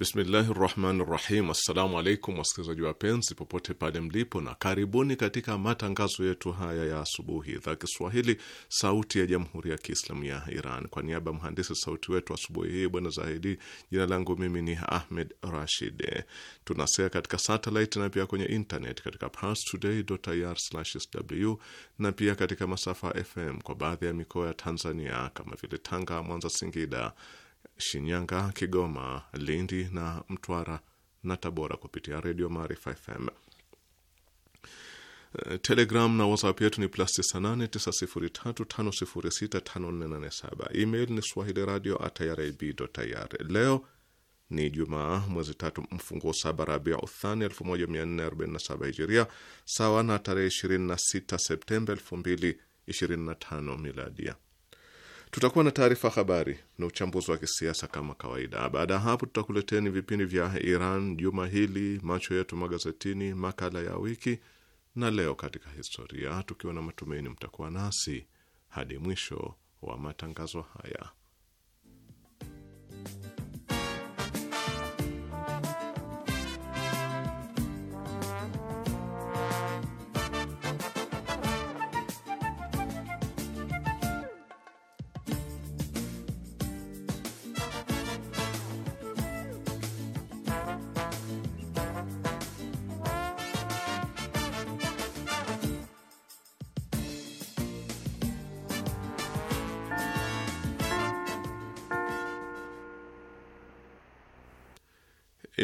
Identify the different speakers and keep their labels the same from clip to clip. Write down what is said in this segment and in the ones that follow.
Speaker 1: Bismillahi rahmani rahim. Assalamu alaikum wasikilizaji wapenzi popote pale mlipo, na karibuni katika matangazo yetu haya ya asubuhi, idhaa Kiswahili sauti ya jamhuri ya kiislamu ya Iran. Kwa niaba ya mhandisi sauti wetu asubuhi hii bwana Zahidi, jina langu mimi ni Ahmed Rashid. Tunasea katika satelit na pia kwenye internet katika parstoday.ir/sw na pia katika masafa FM kwa baadhi ya mikoa ya Tanzania kama vile Tanga, Mwanza, Singida, Shinyanga, Kigoma, Lindi na Mtwara na Tabora kupitia Redio Maarifa FM. Eh, Telegram na WhatsApp yetu ni plus 989035065487. Email ni swahili radio at Leo ni Jumaa mwezi tatu mfunguo saba Rabia Uthani 1447 Hijiria, sawa na tarehe 26 Septemba 2025 Miladia. Tutakuwa na taarifa habari na uchambuzi wa kisiasa kama kawaida. Baada ya hapo, tutakuleteni vipindi vya Iran juma hili, macho yetu magazetini, makala ya wiki na leo katika historia, tukiwa na matumaini mtakuwa nasi hadi mwisho wa matangazo haya.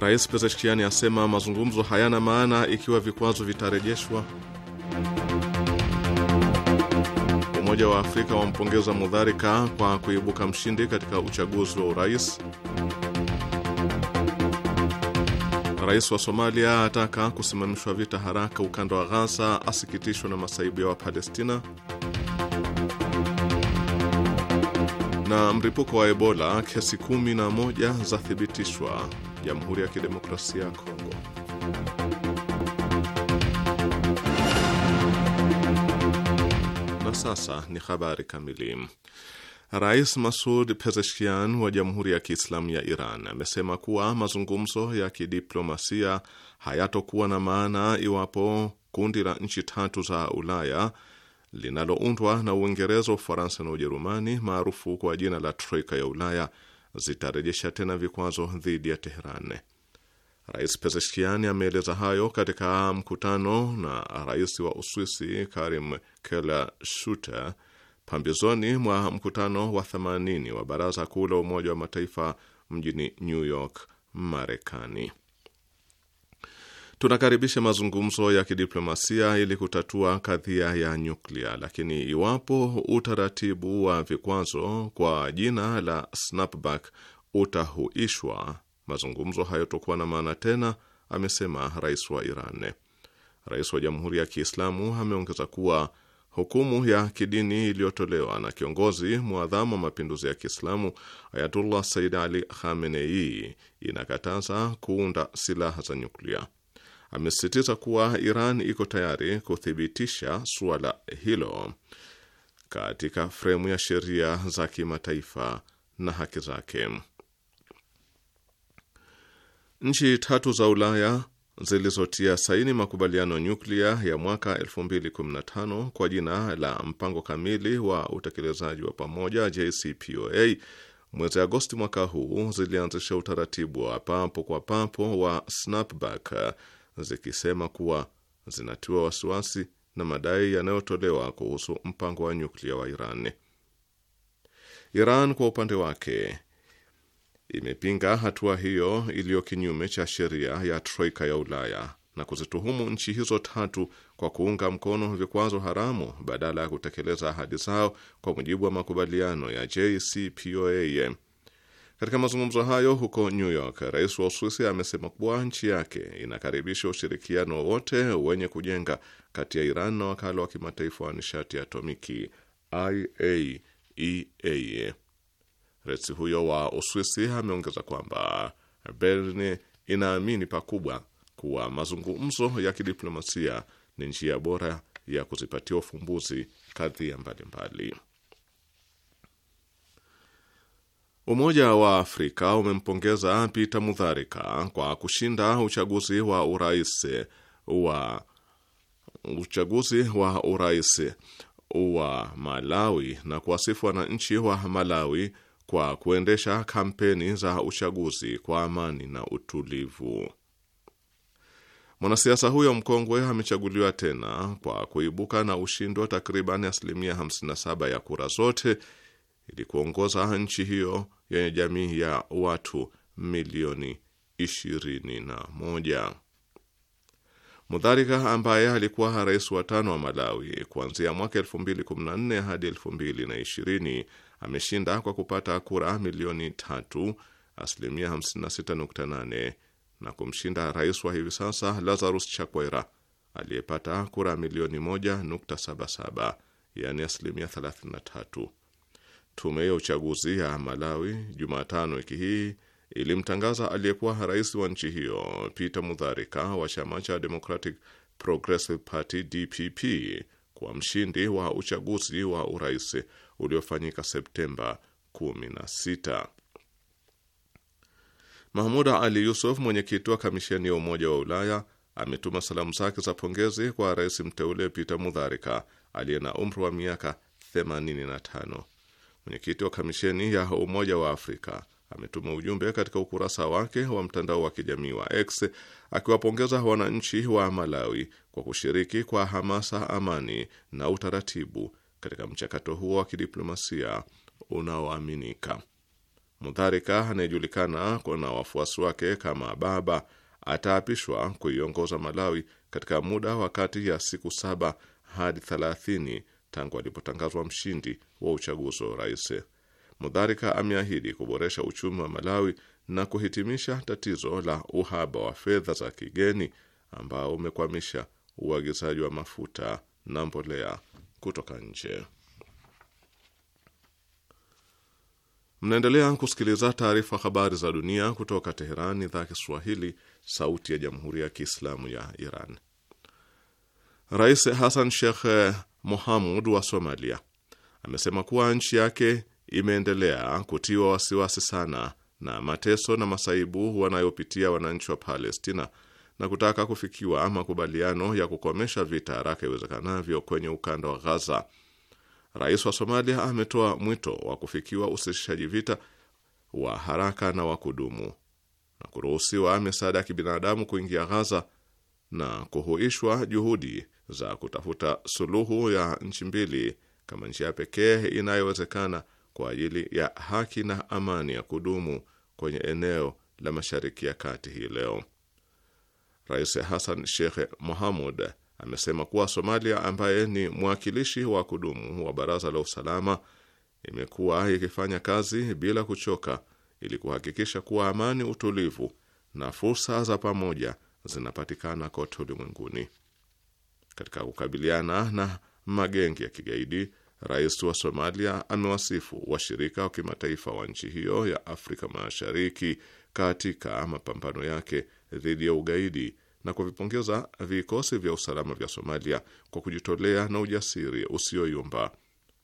Speaker 1: Rais Pezeshkiani asema mazungumzo hayana maana ikiwa vikwazo vitarejeshwa. Umoja wa Afrika wampongeza Mudharika kwa kuibuka mshindi katika uchaguzi wa urais. Rais wa Somalia ataka kusimamishwa vita haraka ukanda wa Ghaza, asikitishwa na masaibu ya Wapalestina. Na mripuko wa Ebola, kesi kumi na moja zathibitishwa Jamhuri ya Kidemokrasia ya Kongo. Na sasa ni habari kamili. Rais Masud Pezeshkian wa Jamhuri ya Kiislamu ya Iran amesema kuwa mazungumzo ya kidiplomasia hayatokuwa na maana iwapo kundi la nchi tatu za Ulaya linaloundwa na Uingereza, Ufaransa na Ujerumani, maarufu kwa jina la Troika ya Ulaya zitarejesha tena vikwazo dhidi ya Teheran. Rais Pezeshkiani ameeleza hayo katika mkutano na rais wa Uswisi Karim Keller-Schuter pambizoni mwa mkutano wa 80 wa Baraza Kuu la Umoja wa Mataifa mjini New York, Marekani. Tunakaribisha mazungumzo ya kidiplomasia ili kutatua kadhia ya nyuklia, lakini iwapo utaratibu wa vikwazo kwa jina la snapback utahuishwa, mazungumzo hayotokuwa na maana tena, amesema rais wa Iran. Rais wa Jamhuri ya Kiislamu ameongeza kuwa hukumu ya kidini iliyotolewa na kiongozi mwadhamu wa mapinduzi ya Kiislamu Ayatullah Said Ali Khamenei inakataza kuunda silaha za nyuklia amesisitiza kuwa Iran iko tayari kuthibitisha suala hilo katika fremu ya sheria za kimataifa na haki zake. Nchi tatu za Ulaya zilizotia saini makubaliano nyuklia ya mwaka 2015 kwa jina la mpango kamili wa utekelezaji wa pamoja JCPOA mwezi Agosti mwaka huu zilianzisha utaratibu wa papo kwa papo wa snapback zikisema kuwa zinatiwa wasiwasi na madai yanayotolewa kuhusu mpango wa nyuklia wa Iran. Iran kwa upande wake imepinga hatua hiyo iliyo kinyume cha sheria ya Troika ya Ulaya na kuzituhumu nchi hizo tatu kwa kuunga mkono vikwazo haramu badala ya kutekeleza ahadi zao kwa mujibu wa makubaliano ya JCPOA katika mazungumzo hayo huko New York, rais wa Uswisi amesema kuwa nchi yake inakaribisha ushirikiano wote wenye kujenga kati ya Iran na wakala wa kimataifa wa nishati ya atomiki IAEA. E rais huyo wa Uswisi ameongeza kwamba Berlin inaamini pakubwa kuwa mazungumzo ya kidiplomasia ni njia bora ya kuzipatia ufumbuzi kadhia mbalimbali. Umoja wa Afrika umempongeza Peter Mutharika kwa kushinda uchaguzi wa urais wa uchaguzi wa urais wa Malawi na kuwasifu wananchi wa Malawi kwa kuendesha kampeni za uchaguzi kwa amani na utulivu. Mwanasiasa huyo mkongwe amechaguliwa tena kwa kuibuka na ushindi wa takriban asilimia 57 ya kura zote ili kuongoza nchi hiyo yenye jamii ya watu milioni ishirini na moja. Mudharika ambaye alikuwa rais wa tano wa Malawi kuanzia mwaka 2014 hadi 2020 ameshinda kwa kupata kura milioni tatu asilimia 56.8 na kumshinda rais wa hivi sasa Lazarus Chakwera aliyepata kura milioni 1.77 yaani asilimia 33. Tume ya uchaguzi ya Malawi Jumatano wiki hii ilimtangaza aliyekuwa rais wa nchi hiyo Peter Mutharika wa chama cha Democratic Progressive Party DPP kwa mshindi wa uchaguzi wa urais uliofanyika Septemba 16. Mahmuda Ali Yusuf, mwenyekiti wa kamisheni ya Umoja wa Ulaya, ametuma salamu zake za pongezi kwa rais mteule Peter Mutharika aliye na umri wa miaka 85 mwenyekiti wa kamisheni ya Umoja wa Afrika ametuma ujumbe katika ukurasa wake wa mtandao wa kijamii wa X akiwapongeza wananchi wa Malawi kwa kushiriki kwa hamasa, amani na utaratibu katika mchakato huo wa kidiplomasia unaoaminika. Mudharika anayejulikana na wafuasi wake kama Baba ataapishwa kuiongoza Malawi katika muda wa kati ya siku saba hadi thelathini tangu alipotangazwa mshindi wa uchaguzi wa urais. Mudharika ameahidi kuboresha uchumi wa Malawi na kuhitimisha tatizo la uhaba wa fedha za kigeni ambao umekwamisha uagizaji wa mafuta na mbolea kutoka nje. Mnaendelea kusikiliza taarifa habari za dunia kutoka Teherani, idhaa Kiswahili, sauti ya jamhuri ya kiislamu ya Iran. Rais Hassan Sheikh Mohamud wa Somalia amesema kuwa nchi yake imeendelea kutiwa wasiwasi sana na mateso na masaibu wanayopitia wananchi wa Palestina na kutaka kufikiwa makubaliano ya kukomesha vita haraka iwezekanavyo kwenye ukanda wa Gaza. Rais wa Somalia ametoa mwito wa kufikiwa usitishaji vita wa haraka na wa kudumu na kuruhusiwa misaada ya kibinadamu kuingia Gaza na kuhuishwa juhudi za kutafuta suluhu ya nchi mbili kama njia pekee inayowezekana kwa ajili ya haki na amani ya kudumu kwenye eneo la Mashariki ya Kati hii leo. Rais Hassan Sheikh Mohamud amesema kuwa Somalia ambaye ni mwakilishi wa kudumu wa Baraza la Usalama imekuwa ikifanya kazi bila kuchoka ili kuhakikisha kuwa amani, utulivu na fursa za pamoja zinapatikana kote ulimwenguni. Katika kukabiliana na magenge ya kigaidi, rais wa Somalia amewasifu washirika wa kimataifa wa nchi hiyo ya Afrika Mashariki katika mapambano yake dhidi ya ugaidi na kuvipongeza vikosi vya usalama vya Somalia kwa kujitolea na ujasiri usioyumba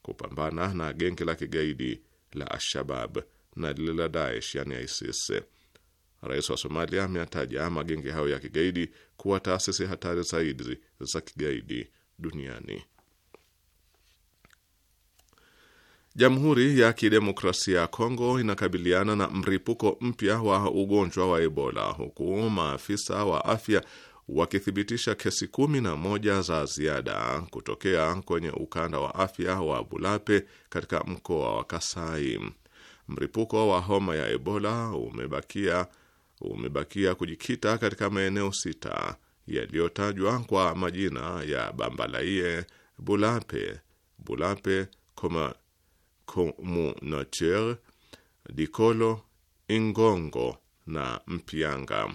Speaker 1: kupambana na genge la kigaidi la ashabab na lile la Daesh yani ISIS. Rais wa Somalia ameataja magenge hayo ya kigaidi kuwa taasisi hatari zaidi za kigaidi duniani. Jamhuri ya Kidemokrasia ya Kongo inakabiliana na mripuko mpya wa ugonjwa wa Ebola huku maafisa wa afya wakithibitisha kesi kumi na moja za ziada kutokea kwenye ukanda wa afya wa Bulape katika mkoa wa Kasai. Mripuko wa homa ya Ebola umebakia umebakia kujikita katika maeneo sita yaliyotajwa kwa majina ya Bambalaie, Bulape, Bulape Communautaire, Dikolo, Ingongo na Mpianga.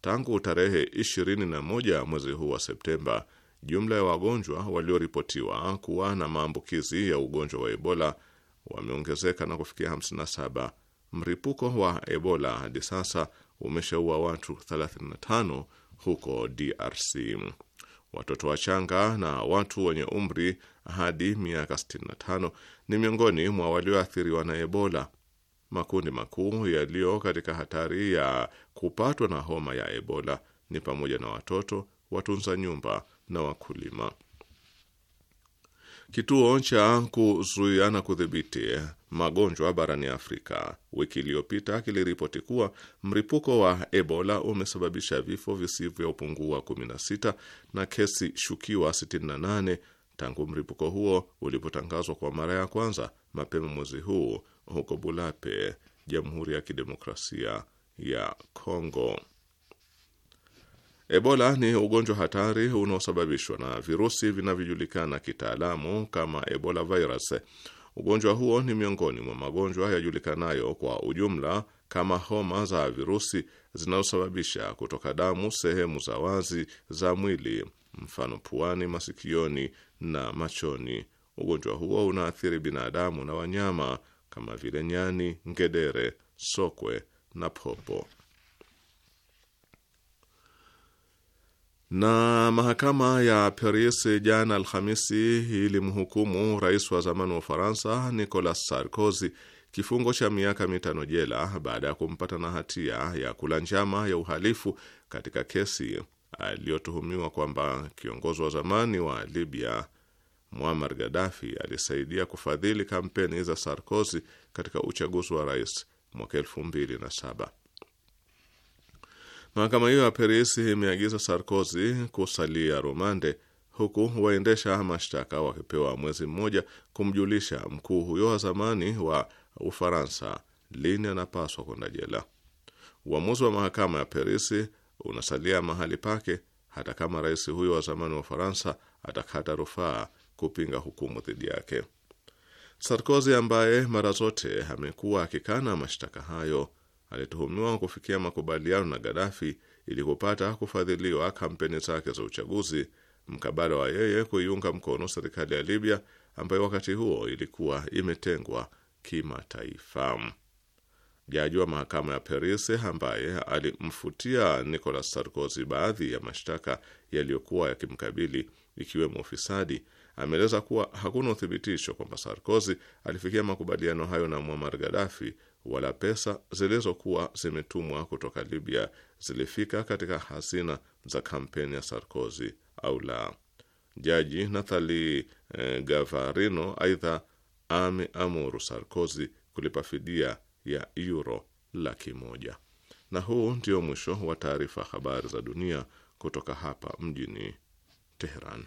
Speaker 1: Tangu tarehe 21 mwezi huu wa Septemba, jumla ya wagonjwa walioripotiwa kuwa na maambukizi ya ugonjwa wa Ebola wameongezeka na kufikia 57. Mripuko wa Ebola hadi sasa umeshaua watu 35 huko DRC. Watoto wachanga na watu wenye umri hadi miaka 65 ni miongoni mwa walioathiriwa na Ebola. Makundi makuu yaliyo katika hatari ya kupatwa na homa ya Ebola ni pamoja na watoto, watunza nyumba na wakulima. Kituo cha kuzuia na kudhibiti magonjwa barani Afrika wiki iliyopita kiliripoti kuwa mripuko wa Ebola umesababisha vifo visivyopungua 16 na kesi shukiwa 68 tangu mripuko huo ulipotangazwa kwa mara ya kwanza mapema mwezi huu huko Bulape, Jamhuri ya Kidemokrasia ya Kongo. Ebola ni ugonjwa hatari unaosababishwa na virusi vinavyojulikana kitaalamu kama Ebola virus Ugonjwa huo ni miongoni mwa magonjwa yajulikanayo kwa ujumla kama homa za virusi zinazosababisha kutoka damu sehemu za wazi za mwili, mfano puani, masikioni na machoni. Ugonjwa huo unaathiri binadamu na wanyama kama vile nyani, ngedere, sokwe na popo. Na mahakama ya Paris jana Alhamisi ilimhukumu rais wa zamani wa Ufaransa Nicolas Sarkozy kifungo cha miaka mitano jela baada ya kumpata na hatia ya kula njama ya uhalifu katika kesi aliyotuhumiwa kwamba kiongozi wa zamani wa Libya Muammar Gaddafi alisaidia kufadhili kampeni za Sarkozy katika uchaguzi wa rais mwaka elfu mbili na saba. Mahakama hiyo ya Paris imeagiza Sarkozy kusalia rumande huku waendesha mashtaka wakipewa mwezi mmoja kumjulisha mkuu huyo wa zamani wa Ufaransa lini anapaswa kwenda jela. Uamuzi wa mahakama ya Paris unasalia mahali pake hata kama rais huyo wa zamani wa Ufaransa atakata rufaa kupinga hukumu dhidi yake. Sarkozy ambaye mara zote amekuwa akikana mashtaka hayo alituhumiwa kufikia makubaliano na Gaddafi ili kupata kufadhiliwa kampeni zake za uchaguzi mkabala wa yeye kuiunga mkono serikali ya Libya ambayo wakati huo ilikuwa imetengwa kimataifa. Jaji wa mahakama ya Paris ambaye alimfutia Nicolas Sarkozy baadhi ya mashtaka yaliyokuwa yakimkabili ikiwemo ufisadi, ameeleza kuwa hakuna uthibitisho kwamba Sarkozy alifikia makubaliano hayo na Muammar Gaddafi wala pesa zilizokuwa zimetumwa kutoka Libya zilifika katika hazina za kampeni ya Sarkozy au la. Jaji Nathali e, eh, Gavarino aidha ameamuru Sarkozy kulipa fidia ya euro laki moja. Na huu ndio mwisho wa taarifa habari za dunia kutoka hapa mjini Teheran.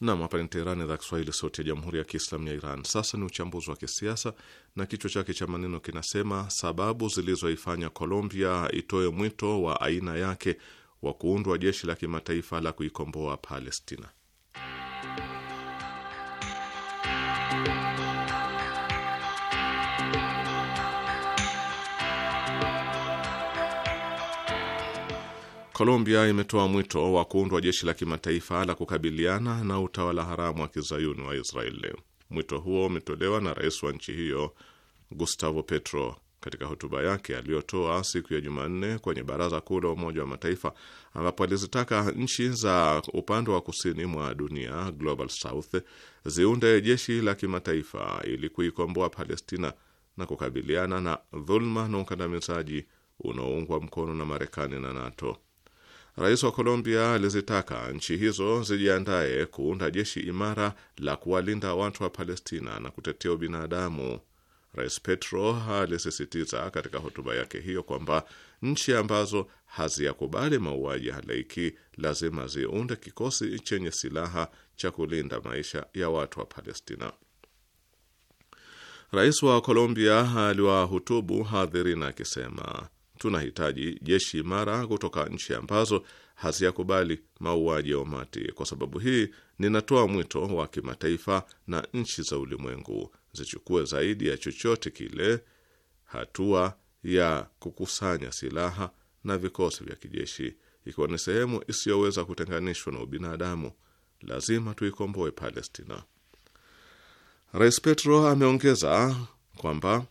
Speaker 1: Nam, hapa ni Teherani, idhaa Kiswahili, sauti ya jamhuri ya kiislamu ya Iran. Sasa ni uchambuzi wa kisiasa na kichwa chake cha maneno kinasema sababu zilizoifanya Colombia itoe mwito wa aina yake wa kuundwa jeshi la kimataifa la kuikomboa Palestina. Colombia imetoa mwito wa kuundwa jeshi la kimataifa la kukabiliana na utawala haramu wa kizayuni wa Israeli. Mwito huo umetolewa na rais wa nchi hiyo Gustavo Petro katika hotuba yake aliyotoa siku ya Jumanne kwenye Baraza Kuu la Umoja wa Mataifa, ambapo alizitaka nchi za upande wa kusini mwa dunia, Global South, ziunde jeshi la kimataifa ili kuikomboa Palestina na kukabiliana na dhuluma na ukandamizaji unaoungwa mkono na Marekani na NATO. Rais wa Colombia alizitaka nchi hizo zijiandaye kuunda jeshi imara la kuwalinda watu wa Palestina na kutetea ubinadamu. Rais Petro alisisitiza katika hotuba yake hiyo kwamba nchi ambazo haziyakubali mauaji ya halaiki lazima ziunde kikosi chenye silaha cha kulinda maisha ya watu wa Palestina. Rais wa Colombia aliwahutubu hadhirina akisema tunahitaji jeshi imara kutoka nchi ambazo haziyakubali mauaji ya umati. Kwa sababu hii, ninatoa mwito wa kimataifa na nchi za ulimwengu zichukue zaidi ya chochote kile hatua ya kukusanya silaha na vikosi vya kijeshi, ikiwa ni sehemu isiyoweza kutenganishwa na ubinadamu. Lazima tuikomboe Palestina. Rais Petro ameongeza kwamba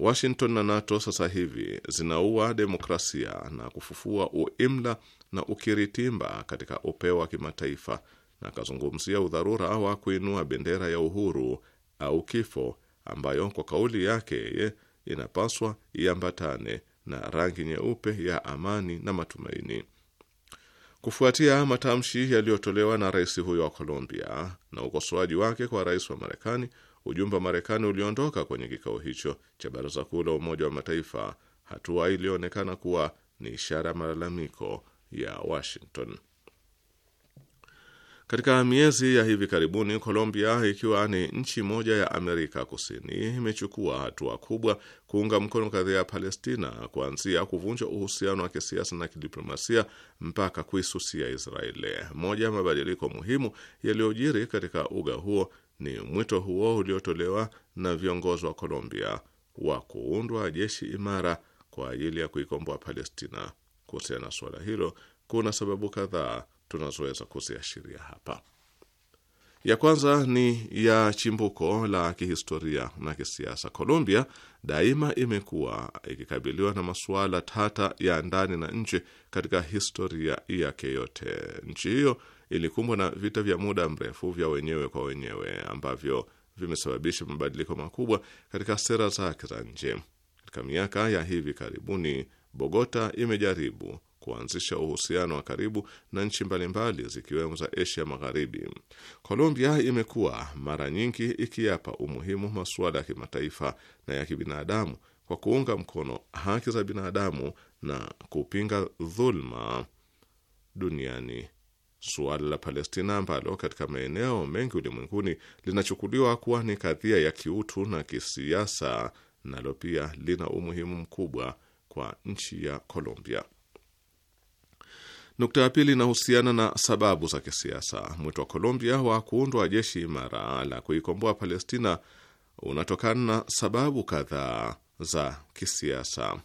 Speaker 1: Washington na NATO sasa hivi zinaua demokrasia na kufufua uimla na ukiritimba katika upeo wa kimataifa, na akazungumzia udharura wa kuinua bendera ya uhuru au kifo, ambayo kwa kauli yake ye inapaswa iambatane na rangi nyeupe ya amani na matumaini. Kufuatia matamshi yaliyotolewa na rais huyo wa Colombia na ukosoaji wake kwa rais wa Marekani Ujumbe wa Marekani uliondoka kwenye kikao hicho cha Baraza Kuu la Umoja wa Mataifa, hatua iliyoonekana kuwa ni ishara ya malalamiko ya Washington. Katika miezi ya hivi karibuni, Colombia ikiwa ni nchi moja ya Amerika Kusini imechukua hatua kubwa kuunga mkono kadhia ya Palestina, kuanzia kuvunja uhusiano wa kisiasa na kidiplomasia mpaka kuisusia Israeli. Moja ya mabadiliko muhimu yaliyojiri katika uga huo ni mwito huo uliotolewa na viongozi wa Colombia wa kuundwa jeshi imara kwa ajili ya kuikomboa Palestina. Kuhusiana na suala hilo, kuna sababu kadhaa tunazoweza kuziashiria hapa. Ya kwanza ni ya chimbuko la kihistoria na kisiasa. Colombia daima imekuwa ikikabiliwa na masuala tata ya ndani na nje katika historia yake yote. Nchi hiyo ilikumbwa na vita vya muda mrefu vya wenyewe kwa wenyewe ambavyo vimesababisha mabadiliko makubwa katika sera zake za nje. Katika miaka ya hivi karibuni, Bogota imejaribu kuanzisha uhusiano wa karibu na nchi mbalimbali zikiwemo za Asia Magharibi. Colombia imekuwa mara nyingi ikiyapa umuhimu masuala ya kimataifa na ya kibinadamu kwa kuunga mkono haki za binadamu na kupinga dhulma duniani suala la Palestina ambalo katika maeneo mengi ulimwenguni linachukuliwa kuwa ni kadhia ya kiutu na kisiasa, nalo pia lina umuhimu mkubwa kwa nchi ya Colombia. Nukta ya pili inahusiana na sababu za kisiasa. Mwito wa Colombia wa kuundwa jeshi imara la kuikomboa Palestina unatokana na sababu kadhaa za kisiasa.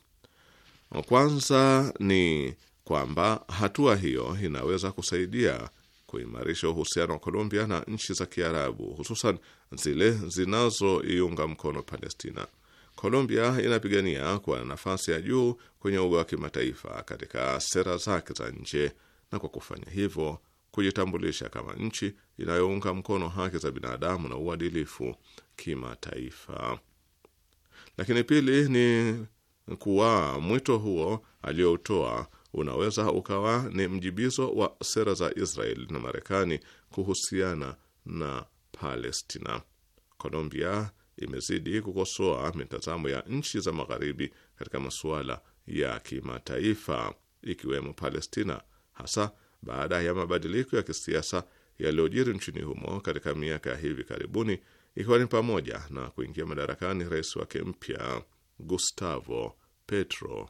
Speaker 1: Kwanza ni kwamba hatua hiyo inaweza kusaidia kuimarisha uhusiano wa Colombia na nchi za Kiarabu, hususan zile zinazoiunga mkono Palestina. Colombia inapigania kwa nafasi ya juu kwenye uga wa kimataifa katika sera zake za nje, na kwa kufanya hivyo kujitambulisha kama nchi inayounga mkono haki za binadamu na uadilifu kimataifa. Lakini pili ni kuwa mwito huo aliyoutoa unaweza ukawa ni mjibizo wa sera za Israel na Marekani kuhusiana na Palestina. Colombia imezidi kukosoa mitazamo ya nchi za magharibi katika masuala ya kimataifa ikiwemo Palestina, hasa baada ya mabadiliko ya kisiasa yaliyojiri nchini humo katika miaka ya hivi karibuni, ikiwa ni pamoja na kuingia madarakani rais wake mpya Gustavo Petro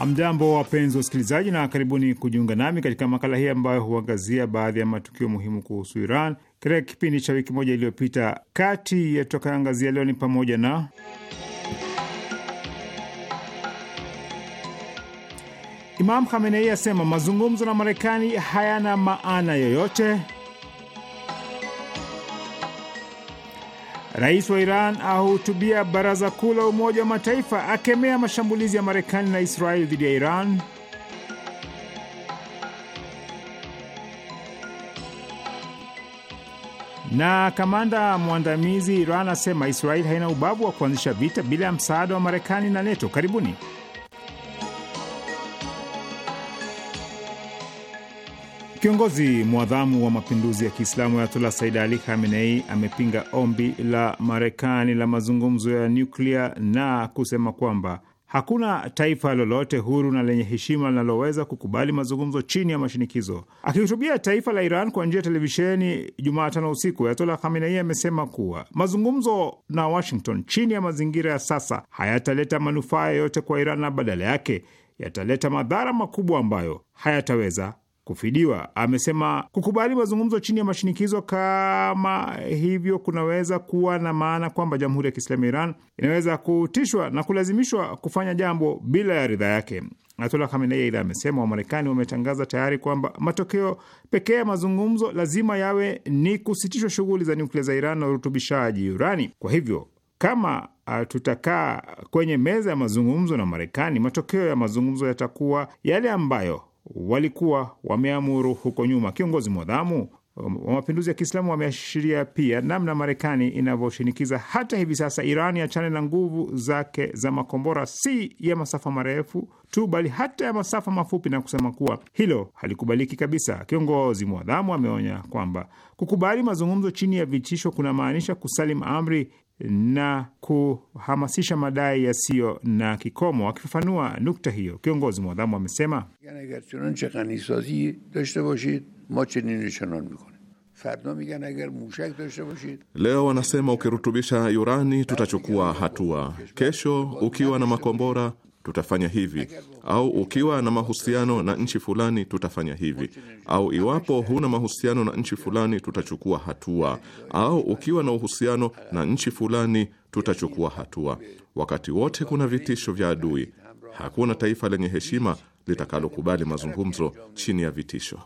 Speaker 2: Amjambo, wapenzi wa usikilizaji na karibuni kujiunga nami katika makala hii ambayo huangazia baadhi ya matukio muhimu kuhusu Iran katika kipindi cha wiki moja iliyopita. Kati ya tutakayoangazia leo ni pamoja na Imam Khamenei asema mazungumzo na Marekani hayana maana yoyote Rais wa Iran ahutubia baraza kuu la Umoja wa Mataifa akemea mashambulizi ya Marekani na Israeli dhidi ya Iran. Na kamanda mwandamizi Iran asema Israeli haina ubavu wa kuanzisha vita bila ya msaada wa Marekani na NATO. Karibuni. Kiongozi mwadhamu wa mapinduzi ya Kiislamu Ayatullah Said Ali Khamenei amepinga ombi la Marekani la mazungumzo ya nyuklia na kusema kwamba hakuna taifa lolote huru na lenye heshima linaloweza kukubali mazungumzo chini ya mashinikizo. Akihutubia taifa la Iran kwa njia ya televisheni Jumatano usiku, Ayatollah Khamenei amesema kuwa mazungumzo na Washington chini ya mazingira ya sasa hayataleta manufaa yoyote kwa Iran na badala yake yataleta madhara makubwa ambayo hayataweza kufidiwa. Amesema kukubali mazungumzo chini ya mashinikizo kama hivyo kunaweza kuwa na maana kwamba Jamhuri ya Kiislamu ya Iran inaweza kutishwa na kulazimishwa kufanya jambo bila ya ridhaa yake. Ayatollah Khamenei aidha amesema Wamarekani wametangaza tayari kwamba matokeo pekee ya mazungumzo lazima yawe ni kusitishwa shughuli za nyuklia za Iran na urutubishaji urani. Kwa hivyo kama tutakaa kwenye meza ya mazungumzo na Marekani, matokeo ya mazungumzo yatakuwa yale ambayo walikuwa wameamuru huko nyuma. Kiongozi mwadhamu um, wa mapinduzi ya Kiislamu wameashiria pia namna Marekani inavyoshinikiza hata hivi sasa Iran achane na nguvu zake za makombora, si ya masafa marefu tu, bali hata ya masafa mafupi, na kusema kuwa hilo halikubaliki kabisa. Kiongozi mwadhamu ameonya kwamba kukubali mazungumzo chini ya vitisho kunamaanisha kusalim amri na kuhamasisha madai yasiyo na kikomo. Akifafanua nukta hiyo, kiongozi mwadhamu amesema yaani Leo
Speaker 1: wanasema ukirutubisha urani tutachukua hatua, kesho ukiwa na makombora tutafanya hivi, au ukiwa na mahusiano na nchi fulani tutafanya hivi, au iwapo huna mahusiano na nchi fulani tutachukua hatua, au ukiwa na uhusiano na nchi fulani tutachukua hatua. Wakati wote kuna vitisho vya adui. Hakuna taifa lenye heshima litakalokubali mazungumzo chini ya vitisho.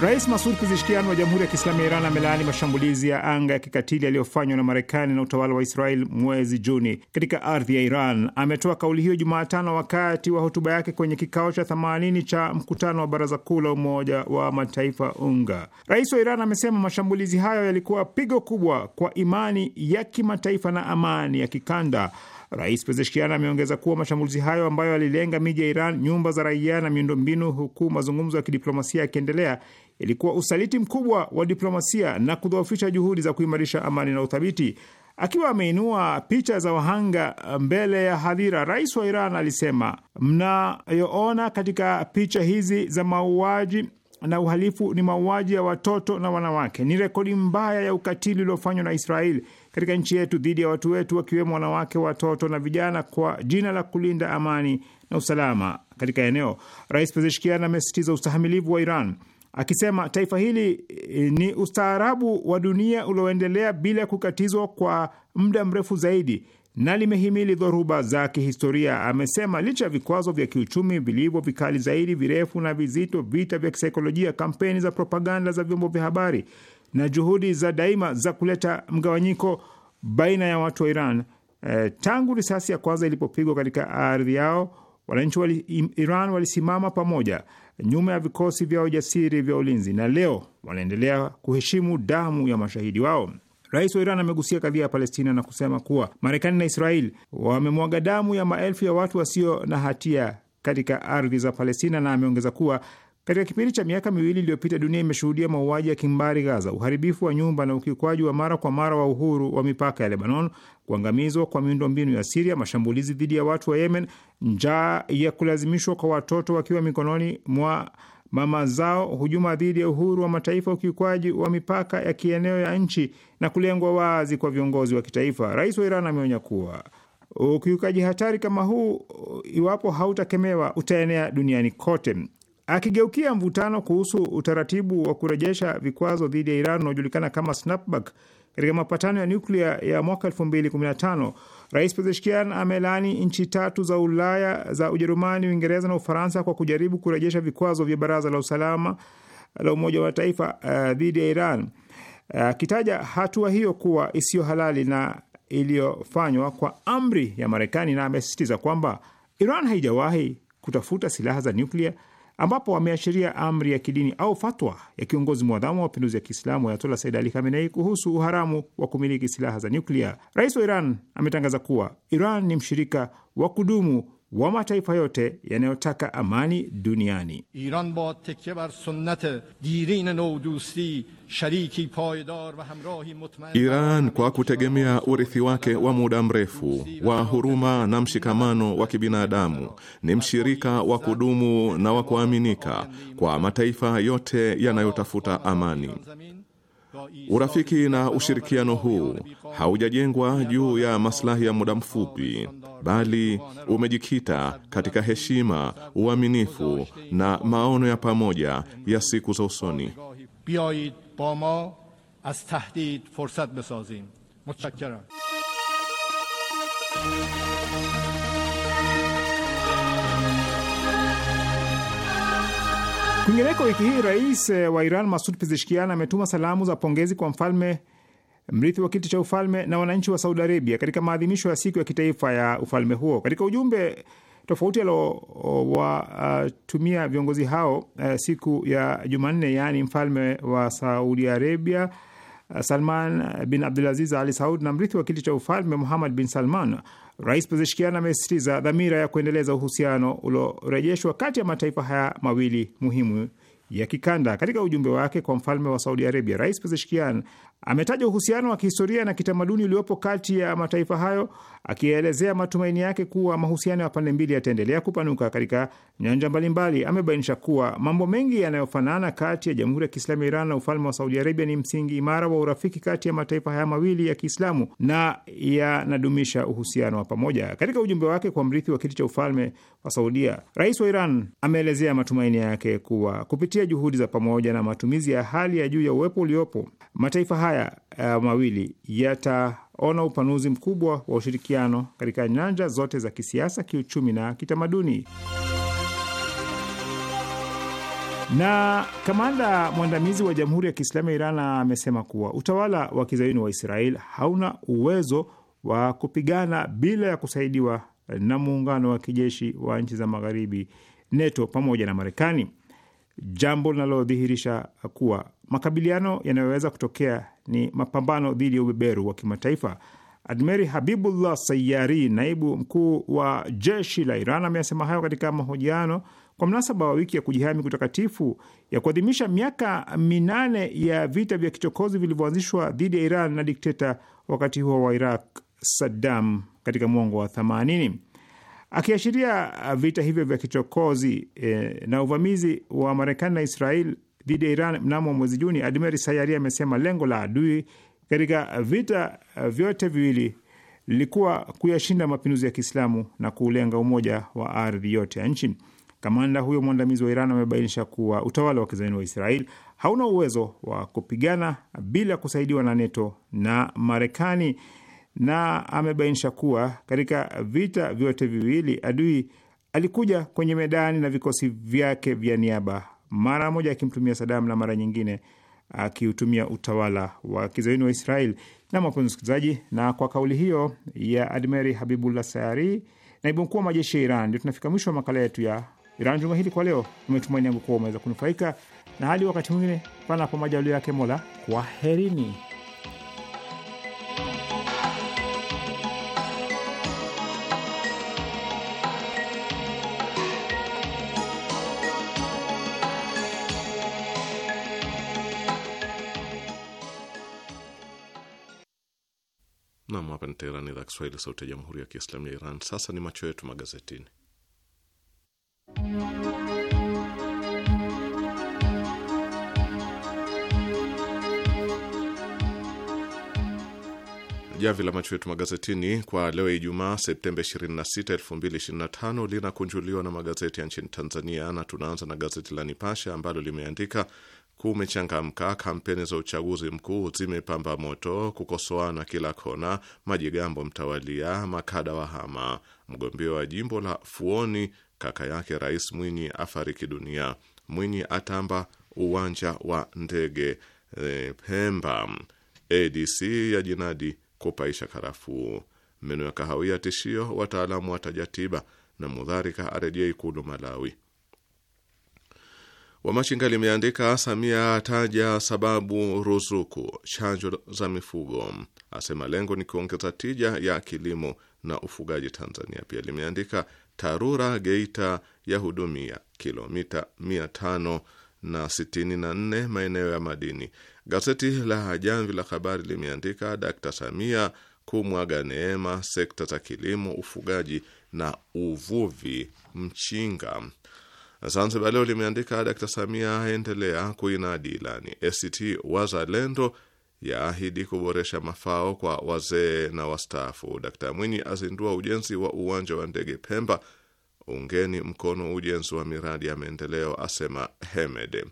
Speaker 2: Rais Masud Pezeshkian wa Jamhuri ya Kiislamu ya Iran amelaani mashambulizi ya anga ya kikatili yaliyofanywa na Marekani na utawala wa Israel mwezi Juni katika ardhi ya Iran. Ametoa kauli hiyo Jumatano wakati wa hotuba yake kwenye kikao cha 80 cha mkutano wa Baraza Kuu la Umoja wa Mataifa UNGA. Rais wa Iran amesema mashambulizi hayo yalikuwa pigo kubwa kwa imani ya kimataifa na amani ya kikanda. Rais Pezeshkian ameongeza kuwa mashambulizi hayo ambayo yalilenga miji ya Iran, nyumba za raia na miundombinu, huku mazungumzo ya kidiplomasia yakiendelea ilikuwa usaliti mkubwa wa diplomasia na kudhoofisha juhudi za kuimarisha amani na uthabiti. Akiwa ameinua picha za wahanga mbele ya hadhira, rais wa Iran alisema, mnayoona katika picha hizi za mauaji na uhalifu ni mauaji ya watoto na wanawake. Ni rekodi mbaya ya ukatili uliofanywa na israel katika nchi yetu dhidi ya watu wetu, wakiwemo wanawake, watoto na vijana, kwa jina la kulinda amani na usalama katika eneo. Rais Pezeshkian amesisitiza ustahamilivu wa Iran akisema taifa hili eh, ni ustaarabu wa dunia ulioendelea bila kukatizwa kwa muda mrefu zaidi na limehimili dhoruba za kihistoria. Amesema licha ya vikwazo vya kiuchumi vilivyo vikali zaidi, virefu na vizito, vita vya kisaikolojia, kampeni za propaganda za vyombo vya habari na juhudi za daima za kuleta mgawanyiko baina ya watu wa Iran, eh, tangu risasi ya kwanza ilipopigwa katika ardhi yao Wananchi wa Iran walisimama pamoja nyuma ya vikosi vya ujasiri vya ulinzi na leo wanaendelea kuheshimu damu ya mashahidi wao. Rais wa Iran amegusia kadhia ya Palestina na kusema kuwa Marekani na Israel wamemwaga damu ya maelfu ya watu wasio na hatia katika ardhi za Palestina, na ameongeza kuwa katika kipindi cha miaka miwili iliyopita, dunia imeshuhudia mauaji ya kimbari Gaza, uharibifu wa nyumba na ukiukwaji wa mara kwa mara wa uhuru wa mipaka ya Lebanon, kuangamizwa kwa miundombinu ya Siria, mashambulizi dhidi ya watu wa Yemen, njaa ya kulazimishwa kwa watoto wakiwa mikononi mwa mama zao, hujuma dhidi ya uhuru wa mataifa, ukiukwaji wa mipaka ya kieneo ya nchi na kulengwa wazi kwa viongozi wa kitaifa. Rais wa Iran ameonya kuwa ukiukaji hatari kama huu, iwapo hautakemewa, utaenea duniani kote. Akigeukia mvutano kuhusu utaratibu wa kurejesha vikwazo dhidi ya Iran unaojulikana kama snapback katika mapatano ya nyuklia ya mwaka 2015 Rais Pezeshkian amelaani nchi tatu za Ulaya za Ujerumani, Uingereza na Ufaransa kwa kujaribu kurejesha vikwazo vya Baraza la Usalama la Umoja wa Mataifa uh, dhidi uh, ya Iran uh, akitaja uh, hatua hiyo kuwa isiyo halali na iliyofanywa kwa amri ya Marekani, na amesisitiza kwamba Iran haijawahi kutafuta silaha za nyuklia ambapo ameashiria amri ya kidini au fatwa ya kiongozi mwadhamu wa mapinduzi ya Kiislamu Ayatola Said Ali Khamenei kuhusu uharamu wa kumiliki silaha za nyuklia. Rais wa Iran ametangaza kuwa Iran ni mshirika wa kudumu wa mataifa yote yanayotaka amani duniani.
Speaker 1: Iran kwa kutegemea urithi wake wa muda mrefu wa huruma na mshikamano wa kibinadamu ni mshirika wa kudumu na wa kuaminika kwa mataifa yote yanayotafuta amani. Urafiki na ushirikiano huu haujajengwa juu ya maslahi ya muda mfupi, bali umejikita katika heshima, uaminifu na maono ya pamoja ya siku za usoni.
Speaker 2: Kwingineko, wiki hii rais eh, wa Iran Masud Pezeshkian ametuma salamu za pongezi kwa mfalme mrithi wa kiti cha ufalme na wananchi wa Saudi Arabia katika maadhimisho ya siku ya kitaifa ya ufalme huo. Katika ujumbe eh, tofauti aliowatumia eh, uh, viongozi hao uh, siku ya Jumanne, yaani mfalme wa Saudi Arabia uh, Salman bin Abdulaziz Ali Saud na mrithi wa kiti cha ufalme Muhammad bin Salman Rais Pezeshkian amesisitiza dhamira ya kuendeleza uhusiano uliorejeshwa kati ya mataifa haya mawili muhimu ya kikanda. Katika ujumbe wake kwa mfalme wa Saudi Arabia, Rais Pezeshkian Ametaja uhusiano wa kihistoria na kitamaduni uliopo kati ya mataifa hayo, akielezea matumaini yake kuwa mahusiano ya pande mbili yataendelea kupanuka katika nyanja mbalimbali. Amebainisha kuwa mambo mengi yanayofanana kati ya Jamhuri ya Kiislamu ya Iran na ufalme wa Saudi Arabia ni msingi imara wa urafiki kati ya mataifa haya mawili ya Kiislamu na yanadumisha uhusiano wa pamoja. Katika ujumbe wake kwa mrithi wa kiti cha ufalme wa Saudia, rais wa Iran ameelezea matumaini yake kuwa kupitia juhudi za pamoja na matumizi ya hali ya juu ya uwepo uliopo Mataifa haya uh, mawili yataona upanuzi mkubwa wa ushirikiano katika nyanja zote za kisiasa, kiuchumi na kitamaduni. Na kamanda mwandamizi wa Jamhuri ya Kiislamu ya Iran amesema kuwa utawala wa kizayuni wa Israel hauna uwezo wa kupigana bila ya kusaidiwa na muungano wa kijeshi wa nchi za magharibi NATO pamoja na Marekani, jambo linalodhihirisha kuwa Makabiliano yanayoweza kutokea ni mapambano dhidi ya ubeberu wa kimataifa. Admeri Habibullah Sayari, naibu mkuu wa jeshi la Iran, ameyasema hayo katika mahojiano kwa mnasaba wa wiki ya kujihami kutakatifu ya kuadhimisha miaka minane ya vita vya kichokozi vilivyoanzishwa dhidi ya Iran na dikteta wakati huo wa Iraq, Saddam, katika mwongo wa 80 akiashiria vita hivyo vya kichokozi eh, na uvamizi wa Marekani na Israel dhidi ya Iran mnamo mwezi Juni, Admeri Sayari amesema lengo la adui katika vita eh, vyote viwili lilikuwa kuyashinda mapinduzi ya Kiislamu na kuulenga umoja wa ardhi yote ya nchi. Kamanda huyo mwandamizi wa Iran amebainisha kuwa utawala wa kizayuni wa Israel hauna uwezo wa kupigana bila kusaidiwa na NATO na Marekani, na amebainisha kuwa katika vita vyote viwili adui alikuja kwenye medani na vikosi vyake vya niaba mara moja akimtumia Sadam na mara nyingine akiutumia utawala wa kizaini wa Israel. Na wapenzi wasikilizaji, na kwa kauli hiyo ya Admeri Habibullah Sayari, naibu mkuu wa majeshi ya Iran, ndio tunafika mwisho wa makala yetu ya Iran juma hili kwa leo. Umetumaini yangu kuwa umeweza kunufaika, na hadi wakati mwingine, panapo majalio yake Mola, kwaherini.
Speaker 1: Nam, hapa ni Teherani, idhaa Kiswahili, sauti ya jamhuri ya kiislamu ya Iran. Sasa ni macho yetu magazetini. Jamvi la macho yetu magazetini kwa leo Ijumaa, Septemba 26, 2025 linakunjuliwa na magazeti ya nchini Tanzania, na tunaanza na gazeti la Nipasha ambalo limeandika kumechangamka, kampeni za uchaguzi mkuu zimepamba moto, kukosoana kila kona, majigambo mtawalia, makada wa hama, mgombea wa jimbo la Fuoni kaka yake Rais Mwinyi afariki dunia, Mwinyi atamba uwanja wa ndege e, Pemba, ADC ya jinadi kupaisha karafuu, meno ya kahawia tishio, wataalamu wataja tiba, na mudharika arejea Ikulu Malawi. Wamachinga limeandika Samia ataja sababu ruzuku chanjo za mifugo, asema lengo ni kuongeza tija ya kilimo na ufugaji Tanzania. Pia limeandika TARURA Geita ya hudumia kilomita 564 maeneo ya madini. Gazeti la Jamvi la Habari limeandika Dkt Samia kumwaga neema sekta za kilimo, ufugaji na uvuvi Mchinga. Zanzibar Leo limeandika Dakta Samia aendelea kuinadi ilani ACT Wazalendo yaahidi kuboresha mafao kwa wazee na wastaafu. Dakta Mwinyi azindua ujenzi wa uwanja wa ndege Pemba. Ungeni mkono ujenzi wa miradi ya maendeleo, asema Hemede.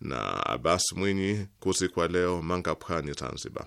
Speaker 1: Na Abbas Mwinyi kuzikwa leo Mangapwani, Zanzibar.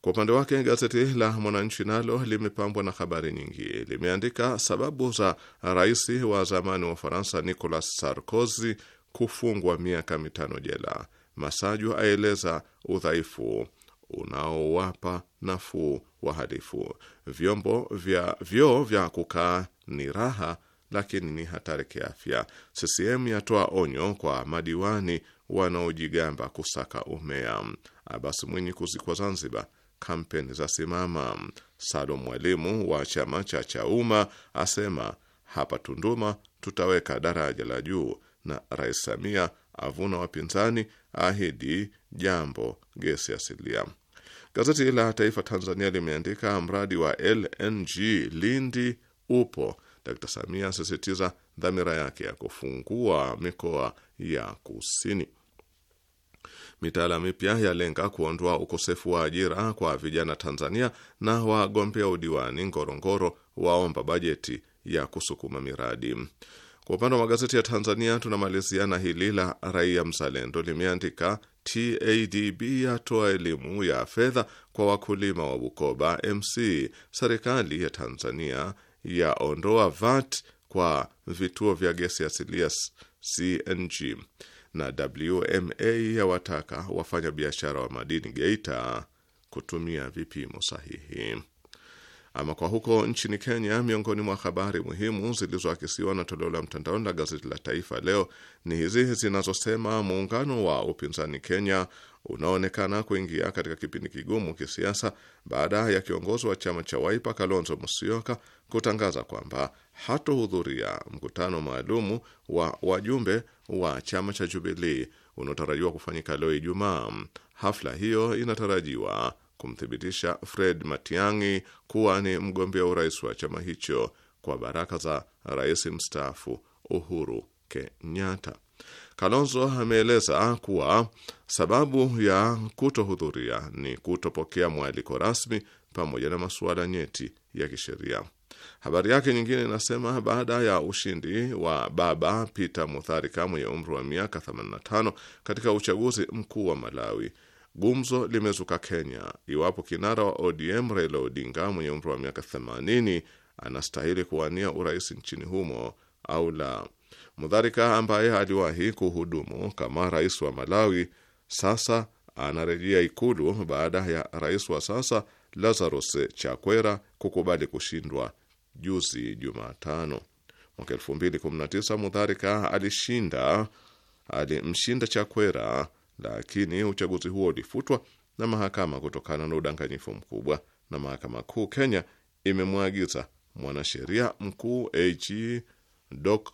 Speaker 1: Kwa upande wake gazeti la Mwananchi nalo limepambwa na habari nyingi. Limeandika sababu za rais wa zamani wa Ufaransa Nicolas Sarkozy kufungwa miaka mitano jela, Masaju aeleza udhaifu unaowapa nafuu wahalifu, vyombo vya vyoo vya kukaa ni raha lakini ni hatari kiafya. CCM yatoa onyo kwa madiwani wanaojigamba kusaka umea. Abasi Mwinyi kuzikwa Zanzibar kampeni za simama. Salo Mwalimu wa chama cha Chauma asema hapa Tunduma tutaweka daraja la juu, na Rais Samia avuna wapinzani, ahidi jambo gesi asilia. Gazeti la Taifa Tanzania limeandika mradi wa LNG Lindi upo. d Samia asisitiza dhamira yake ya kufungua mikoa ya kusini. Mitaala mipya yalenga kuondoa ukosefu wa ajira kwa vijana Tanzania, na wagombea udiwani Ngorongoro waomba bajeti ya kusukuma miradi. Kwa upande wa magazeti ya Tanzania tunamalizia na hili la Raia Mzalendo limeandika TADB yatoa elimu ya fedha kwa wakulima wa Bukoba MC. Serikali ya Tanzania yaondoa VAT kwa vituo vya gesi asilia CNG na WMA ya wataka wafanya biashara wa madini Geita kutumia vipimo sahihi. Ama kwa huko nchini Kenya, miongoni mwa habari muhimu zilizoakisiwa na toleo la mtandaoni la gazeti la Taifa Leo ni hizi zinazosema muungano wa upinzani Kenya unaonekana kuingia katika kipindi kigumu kisiasa baada ya kiongozi wa chama cha Waipa Kalonzo Musyoka kutangaza kwamba hatohudhuria mkutano maalumu wa wajumbe wa chama cha jubilii unaotarajiwa kufanyika leo Ijumaa. Hafla hiyo inatarajiwa kumthibitisha Fred Matiang'i kuwa ni mgombea urais wa chama hicho kwa baraka za rais mstaafu Uhuru Kenyatta. Kalonzo ameeleza kuwa sababu ya kutohudhuria ni kutopokea mwaliko rasmi pamoja na masuala nyeti ya kisheria. Habari yake nyingine inasema baada ya ushindi wa Baba Peter Mutharika mwenye umri wa miaka 85 katika uchaguzi mkuu wa Malawi, gumzo limezuka Kenya iwapo kinara wa ODM Raila Odinga mwenye umri wa miaka 80 anastahili kuwania urais nchini humo au la. Mudharika ambaye aliwahi kuhudumu kama rais wa Malawi sasa anarejea ikulu baada ya rais wa sasa Lazarus Chakwera kukubali kushindwa juzi Jumatano. Mwaka 2019 Mudharika alishinda alimshinda Chakwera, lakini uchaguzi huo ulifutwa na mahakama kutokana na udanganyifu mkubwa, na mahakama kuu Kenya imemwagiza mwanasheria mkuu AG Doc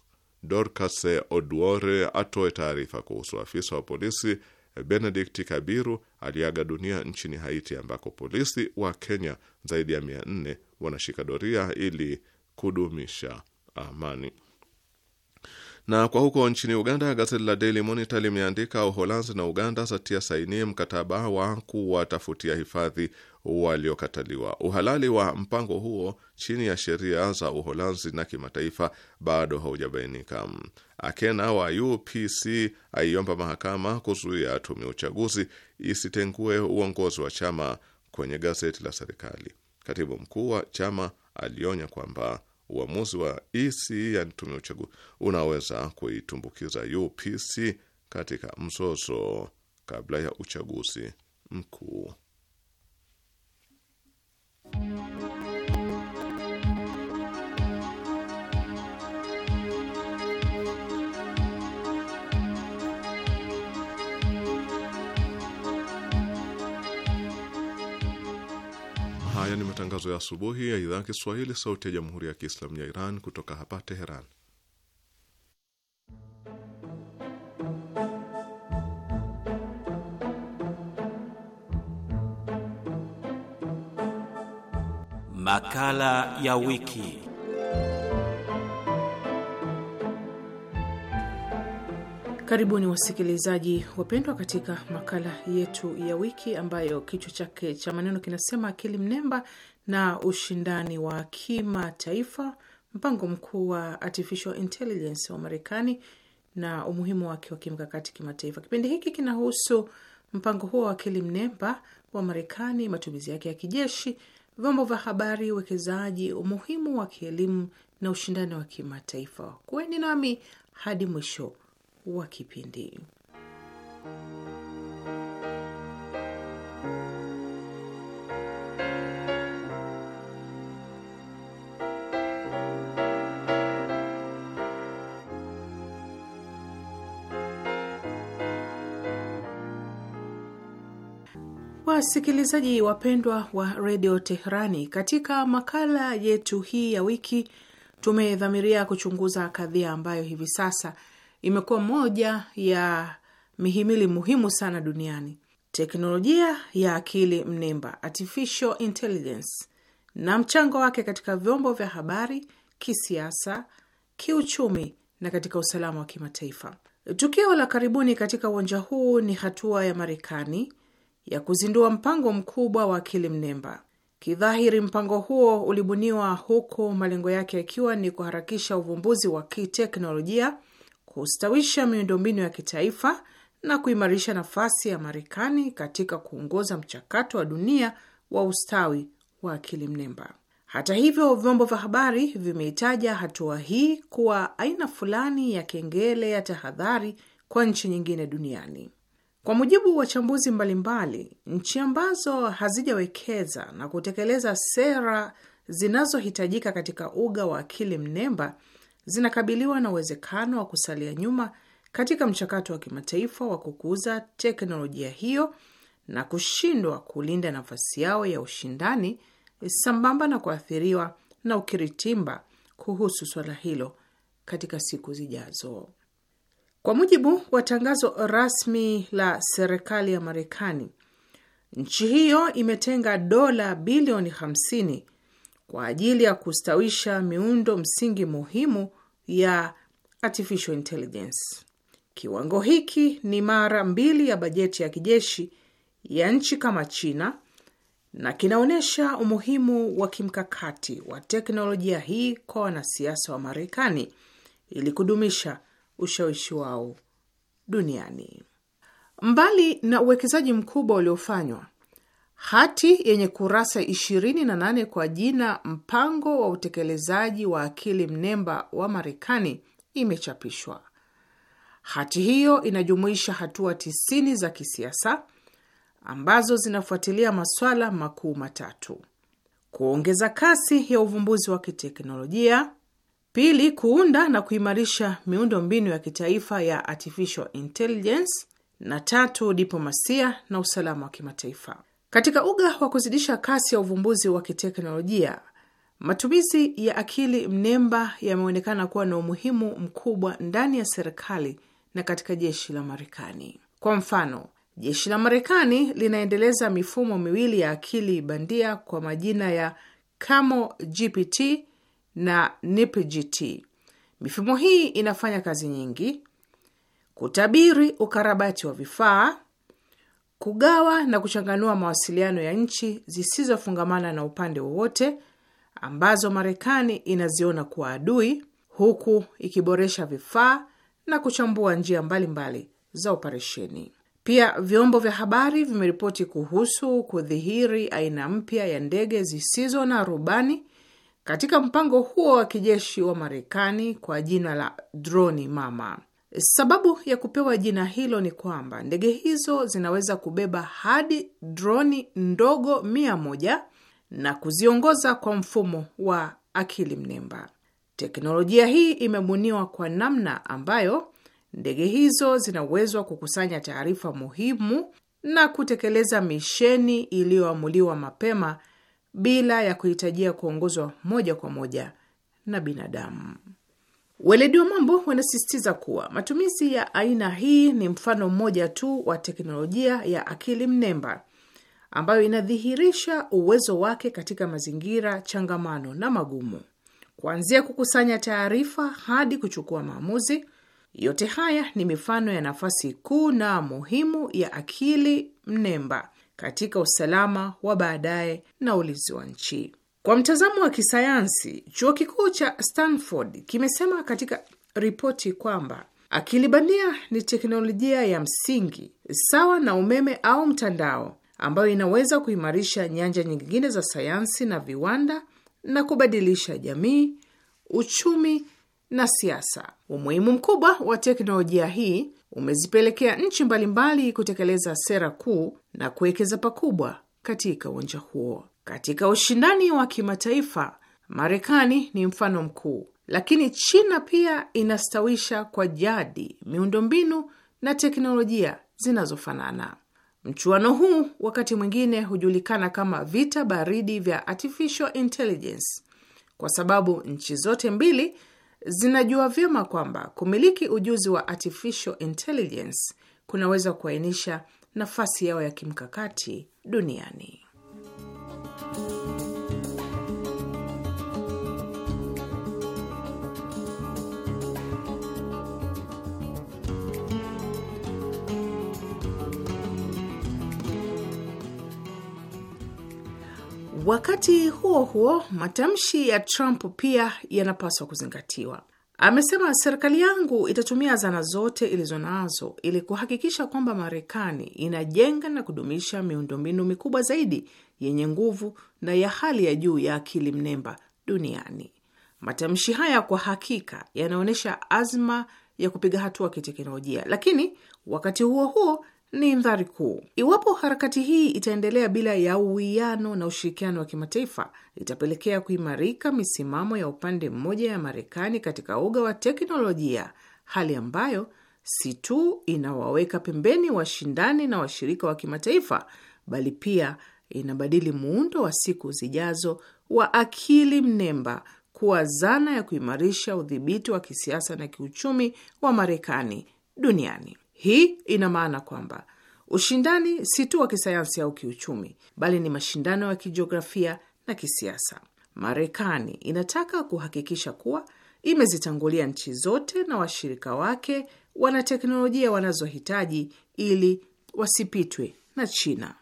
Speaker 1: Dorcas Oduore atoe taarifa kuhusu afisa wa polisi Benedict Kabiru aliaga dunia nchini Haiti, ambako polisi wa Kenya zaidi ya mia nne wanashika doria ili kudumisha amani. Na kwa huko nchini Uganda, gazeti la Daily Monitor limeandika Uholanzi na Uganda zatia saini mkataba wa kuwatafutia hifadhi waliokataliwa. Uhalali wa mpango huo chini ya sheria za Uholanzi na kimataifa bado haujabainika. Akena wa UPC aiomba mahakama kuzuia tume uchaguzi isitengue uongozi wa chama kwenye gazeti la serikali. Katibu mkuu wa chama alionya kwamba uamuzi wa EC, yani tume uchaguzi, unaweza kuitumbukiza UPC katika mzozo kabla ya uchaguzi mkuu. matangazo ya asubuhi ya idhaa ya Kiswahili, sauti ya jamhuri ya kiislamu ya Iran kutoka hapa Teheran.
Speaker 3: Makala ya wiki. Karibuni wasikilizaji wapendwa, katika makala yetu ya wiki ambayo kichwa chake cha maneno kinasema akili mnemba na ushindani wa kimataifa, mpango mkuu wa artificial intelligence wa Marekani na umuhimu wake wa kimkakati kimataifa. Kipindi hiki kinahusu mpango huo wa akili mnemba wa Marekani, matumizi yake ya kijeshi, vyombo vya habari, uwekezaji, umuhimu wa kielimu na ushindani wa kimataifa. Kuweni nami hadi mwisho wa kipindi. Wasikilizaji wapendwa wa redio Teherani, katika makala yetu hii ya wiki tumedhamiria kuchunguza kadhia ambayo hivi sasa imekuwa moja ya mihimili muhimu sana duniani. Teknolojia ya akili mnemba, artificial intelligence, na mchango wake katika vyombo vya habari, kisiasa, kiuchumi na katika usalama wa kimataifa. Tukio la karibuni katika uwanja huu ni hatua ya Marekani ya kuzindua mpango mkubwa wa akili mnemba. Kidhahiri, mpango huo ulibuniwa huku malengo yake yakiwa ni kuharakisha uvumbuzi wa kiteknolojia kustawisha miundombinu ya kitaifa na kuimarisha nafasi ya Marekani katika kuongoza mchakato wa dunia wa ustawi wa akili mnemba. Hata hivyo, vyombo vya habari vimeitaja hatua hii kuwa aina fulani ya kengele ya tahadhari kwa nchi nyingine duniani. Kwa mujibu wa wachambuzi mbalimbali, nchi ambazo hazijawekeza na kutekeleza sera zinazohitajika katika uga wa akili mnemba zinakabiliwa na uwezekano wa kusalia nyuma katika mchakato wa kimataifa wa kukuza teknolojia hiyo na kushindwa kulinda nafasi yao ya ushindani sambamba na kuathiriwa na ukiritimba kuhusu swala hilo katika siku zijazo. Kwa mujibu wa tangazo rasmi la serikali ya Marekani, nchi hiyo imetenga dola bilioni kwa ajili ya kustawisha miundo msingi muhimu ya artificial intelligence. Kiwango hiki ni mara mbili ya bajeti ya kijeshi ya nchi kama China na kinaonyesha umuhimu wa kimkakati wa teknolojia hii kwa wanasiasa wa Marekani ili kudumisha ushawishi wao duniani. Mbali na uwekezaji mkubwa uliofanywa hati yenye kurasa 28 kwa jina mpango wa utekelezaji wa akili mnemba wa Marekani imechapishwa. Hati hiyo inajumuisha hatua tisini za kisiasa ambazo zinafuatilia masuala makuu matatu: kuongeza kasi ya uvumbuzi wa kiteknolojia; pili, kuunda na kuimarisha miundo mbinu ya kitaifa ya artificial intelligence; na tatu, diplomasia na usalama wa kimataifa. Katika uga wa kuzidisha kasi ya uvumbuzi wa kiteknolojia, matumizi ya akili mnemba yameonekana kuwa na umuhimu mkubwa ndani ya serikali na katika jeshi la Marekani. Kwa mfano, jeshi la Marekani linaendeleza mifumo miwili ya akili bandia kwa majina ya Camo GPT na NipGT. Mifumo hii inafanya kazi nyingi: kutabiri ukarabati wa vifaa, kugawa na kuchanganua mawasiliano ya nchi zisizofungamana na upande wowote ambazo Marekani inaziona kuwa adui, huku ikiboresha vifaa na kuchambua njia mbalimbali mbali za operesheni. Pia vyombo vya habari vimeripoti kuhusu kudhihiri aina mpya ya ndege zisizo na rubani katika mpango huo wa kijeshi wa Marekani kwa jina la droni mama. Sababu ya kupewa jina hilo ni kwamba ndege hizo zinaweza kubeba hadi droni ndogo mia moja na kuziongoza kwa mfumo wa akili mnemba. Teknolojia hii imebuniwa kwa namna ambayo ndege hizo zina uwezo wa kukusanya taarifa muhimu na kutekeleza misheni iliyoamuliwa mapema bila ya kuhitajia kuongozwa moja kwa moja na binadamu. Weledi wa mambo wanasisitiza kuwa matumizi ya aina hii ni mfano mmoja tu wa teknolojia ya akili mnemba ambayo inadhihirisha uwezo wake katika mazingira changamano na magumu, kuanzia kukusanya taarifa hadi kuchukua maamuzi. Yote haya ni mifano ya nafasi kuu na muhimu ya akili mnemba katika usalama wa baadaye na ulinzi wa nchi. Kwa mtazamo wa kisayansi, chuo kikuu cha Stanford kimesema katika ripoti kwamba akili bandia ni teknolojia ya msingi sawa na umeme au mtandao ambayo inaweza kuimarisha nyanja nyingine za sayansi na viwanda na kubadilisha jamii, uchumi na siasa. Umuhimu mkubwa wa teknolojia hii umezipelekea nchi mbalimbali kutekeleza sera kuu na kuwekeza pakubwa katika uwanja huo. Katika ushindani wa kimataifa, Marekani ni mfano mkuu, lakini China pia inastawisha kwa jadi miundombinu na teknolojia zinazofanana. Mchuano huu wakati mwingine hujulikana kama vita baridi vya artificial intelligence, kwa sababu nchi zote mbili zinajua vyema kwamba kumiliki ujuzi wa artificial intelligence kunaweza kuainisha nafasi yao ya kimkakati duniani. Wakati huo huo, matamshi ya Trump pia yanapaswa kuzingatiwa. Amesema serikali yangu itatumia zana zote ilizo nazo ili kuhakikisha kwamba Marekani inajenga na kudumisha miundombinu mikubwa zaidi yenye nguvu na ya hali ya juu ya akili mnemba duniani. Matamshi haya kwa hakika yanaonyesha azma ya kupiga hatua kiteknolojia, lakini wakati huo huo ni ndhari kuu. Iwapo harakati hii itaendelea bila ya uwiano na ushirikiano wa kimataifa, itapelekea kuimarika misimamo ya upande mmoja ya Marekani katika uga wa teknolojia, hali ambayo si tu inawaweka pembeni washindani na washirika wa kimataifa, bali pia inabadili muundo wa siku zijazo wa akili mnemba kuwa zana ya kuimarisha udhibiti wa kisiasa na kiuchumi wa Marekani duniani. Hii ina maana kwamba ushindani si tu wa kisayansi au kiuchumi, bali ni mashindano ya kijiografia na kisiasa. Marekani inataka kuhakikisha kuwa imezitangulia nchi zote na washirika wake wana teknolojia wanazohitaji ili wasipitwe na China.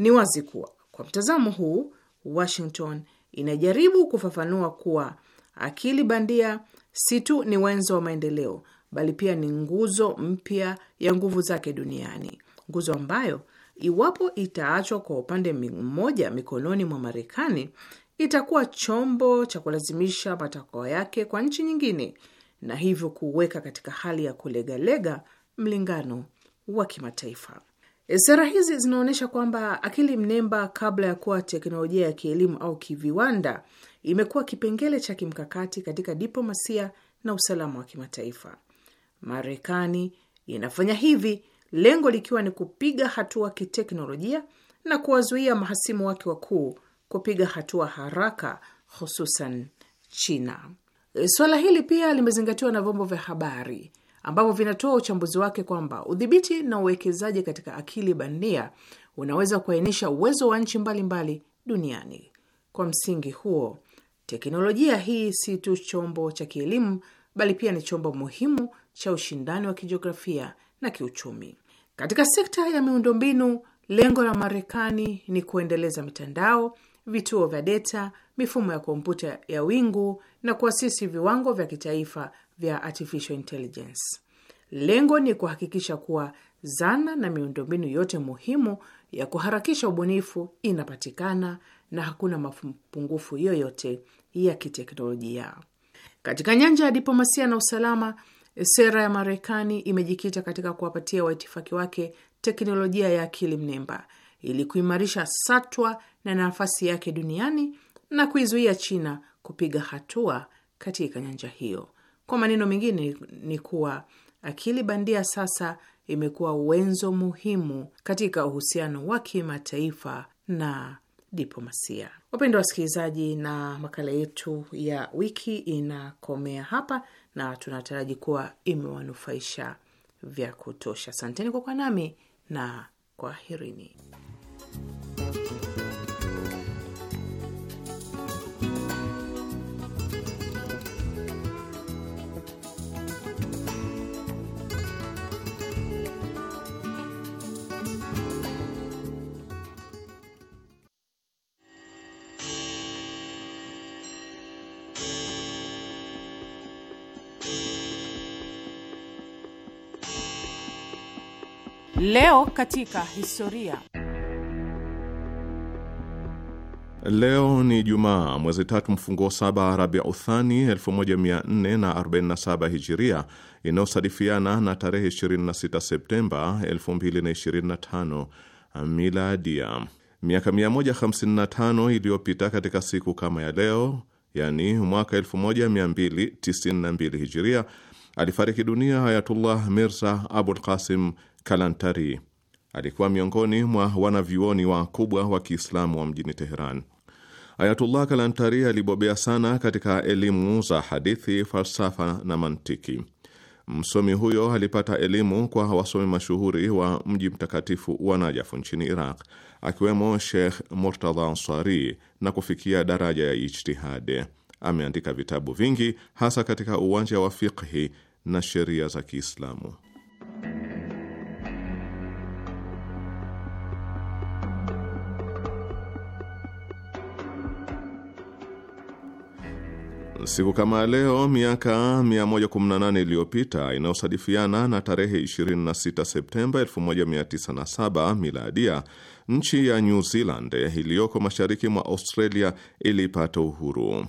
Speaker 3: Ni wazi kuwa kwa mtazamo huu, Washington inajaribu kufafanua kuwa akili bandia si tu ni wenzo wa maendeleo, bali pia ni nguzo mpya ya nguvu zake duniani, nguzo ambayo iwapo itaachwa kwa upande mmoja mikononi mwa Marekani itakuwa chombo cha kulazimisha matakwa yake kwa nchi nyingine na hivyo kuweka katika hali ya kulegalega mlingano wa kimataifa. Sera hizi zinaonyesha kwamba akili mnemba, kabla ya kuwa teknolojia ya kielimu au kiviwanda, imekuwa kipengele cha kimkakati katika diplomasia na usalama wa kimataifa. Marekani inafanya hivi, lengo likiwa ni kupiga hatua kiteknolojia na kuwazuia mahasimu wake wakuu kupiga hatua haraka, hususan China. Suala hili pia limezingatiwa na vyombo vya habari ambavyo vinatoa uchambuzi wake kwamba udhibiti na uwekezaji katika akili bandia unaweza kuainisha uwezo wa nchi mbalimbali duniani. Kwa msingi huo, teknolojia hii si tu chombo cha kielimu, bali pia ni chombo muhimu cha ushindani wa kijiografia na kiuchumi. Katika sekta ya miundombinu, lengo la Marekani ni kuendeleza mitandao, vituo vya deta, mifumo ya kompyuta ya wingu na kuasisi viwango vya kitaifa vya artificial intelligence. Lengo ni kuhakikisha kuwa zana na miundombinu yote muhimu ya kuharakisha ubunifu inapatikana na hakuna mapungufu yoyote ya kiteknolojia. Katika nyanja ya diplomasia na usalama, sera ya Marekani imejikita katika kuwapatia waitifaki wake teknolojia ya akili mnemba ili kuimarisha satwa na nafasi yake duniani na kuizuia China kupiga hatua katika nyanja hiyo. Kwa maneno mengine ni kuwa akili bandia sasa imekuwa wenzo muhimu katika uhusiano wa kimataifa na diplomasia. Wapendwa wasikilizaji, na makala yetu ya wiki inakomea hapa, na tunataraji kuwa imewanufaisha vya kutosha. Asanteni kwa kuwa nami na kwaherini. Leo katika historia.
Speaker 1: Leo ni Jumaa, mwezi tatu wa saba Uthani 1447 Hijiria, inayosadifiana na tarehe 26 Septemba 2025 Miladia. Miaka 155 iliyopita katika siku kama ya leo, yani mwaka 1292 Hijiria, alifariki dunia Hayatullah Mirza Abul Qasim Kalantari alikuwa miongoni mwa wanavyuoni wakubwa wa Kiislamu wa mjini Teheran. Ayatullah Kalantari alibobea sana katika elimu za hadithi, falsafa na mantiki. Msomi huyo alipata elimu kwa wasomi mashuhuri wa mji mtakatifu wa Najafu nchini Iraq, akiwemo Sheikh Murtadha Ansari na kufikia daraja ya ijtihadi. Ameandika vitabu vingi hasa katika uwanja wa fiqhi na sheria za Kiislamu. Siku kama leo miaka 118 iliyopita inayosadifiana na tarehe 26 Septemba 1907 miladia, nchi ya New Zealand iliyoko mashariki mwa Australia ilipata uhuru.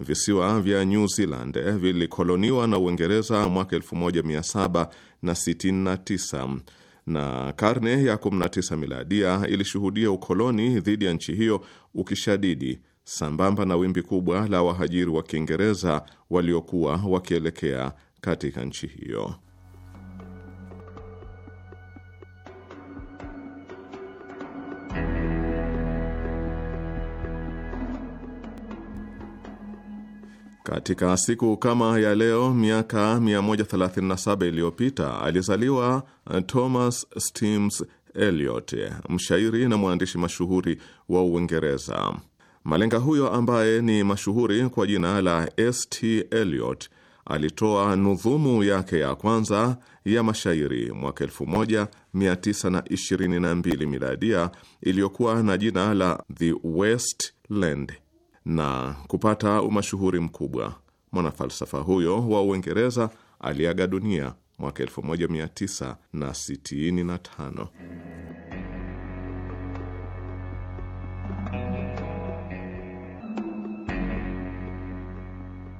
Speaker 1: Visiwa vya New Zealand vilikoloniwa na Uingereza mwaka 1769 na karne ya 19 miladia ilishuhudia ukoloni dhidi ya nchi hiyo ukishadidi sambamba na wimbi kubwa la wahajiri wa Kiingereza waliokuwa wakielekea katika nchi hiyo. Katika siku kama ya leo miaka 137 iliyopita alizaliwa eh, Thomas Stearns Eliot, mshairi na mwandishi mashuhuri wa Uingereza. Malenga huyo ambaye ni mashuhuri kwa jina la St Eliot alitoa nudhumu yake ya kwanza ya mashairi mwaka 1922 miladia iliyokuwa na jina la The west land na kupata umashuhuri mkubwa. Mwanafalsafa huyo wa Uingereza aliaga dunia mwaka 1965.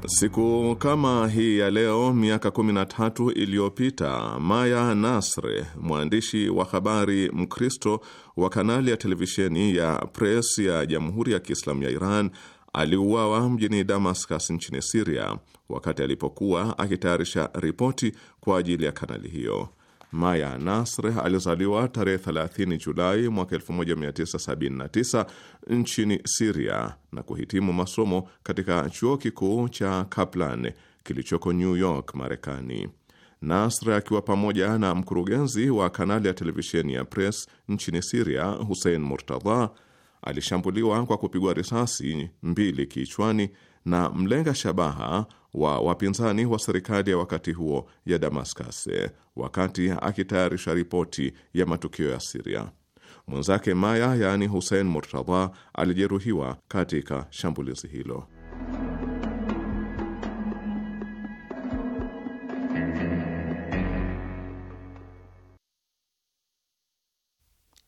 Speaker 1: Siku kama hii ya leo miaka 13 iliyopita Maya nasre mwandishi wa habari Mkristo wa kanali ya televisheni ya Press ya Jamhuri ya Kiislamu ya Iran aliuawa mjini Damascus nchini Siria wakati alipokuwa akitayarisha ripoti kwa ajili ya kanali hiyo. Maya Nasr alizaliwa tarehe 30 Julai mwaka 1979 nchini Siria na kuhitimu masomo katika chuo kikuu cha Kaplan kilichoko New York, Marekani. Nasr akiwa pamoja na mkurugenzi wa kanali ya televisheni ya Press nchini Siria, Hussein Murtadha, alishambuliwa kwa kupigwa risasi mbili kichwani na mlenga shabaha wa wapinzani wa serikali ya wakati huo ya Damascus wakati akitayarisha ripoti ya matukio ya Siria. Mwenzake Maya, yaani Hussein Murtadha, alijeruhiwa katika shambulizi hilo.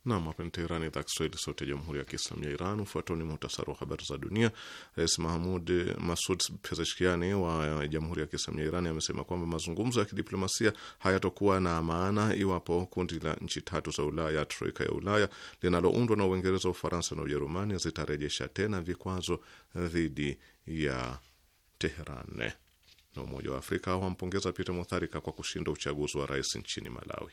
Speaker 1: Nam, hapa ni Teherani, idhaa Kiswahili, sauti ya jamhuri ya kiislamu ya Iran. Ufuatao ni muhtasari wa habari za dunia. Rais Mahmud Masud Pezeshkiani wa jamhuri ya kiislamu ya Iran amesema kwamba mazungumzo ya kidiplomasia hayatokuwa na maana iwapo kundi la nchi tatu za Ulaya, troika ya Ulaya linaloundwa na Uingereza, Ufaransa na Ujerumani zitarejesha tena vikwazo dhidi ya Teheran. Na Umoja wa Afrika wampongeza Peter Mutharika kwa kushinda uchaguzi wa rais nchini Malawi.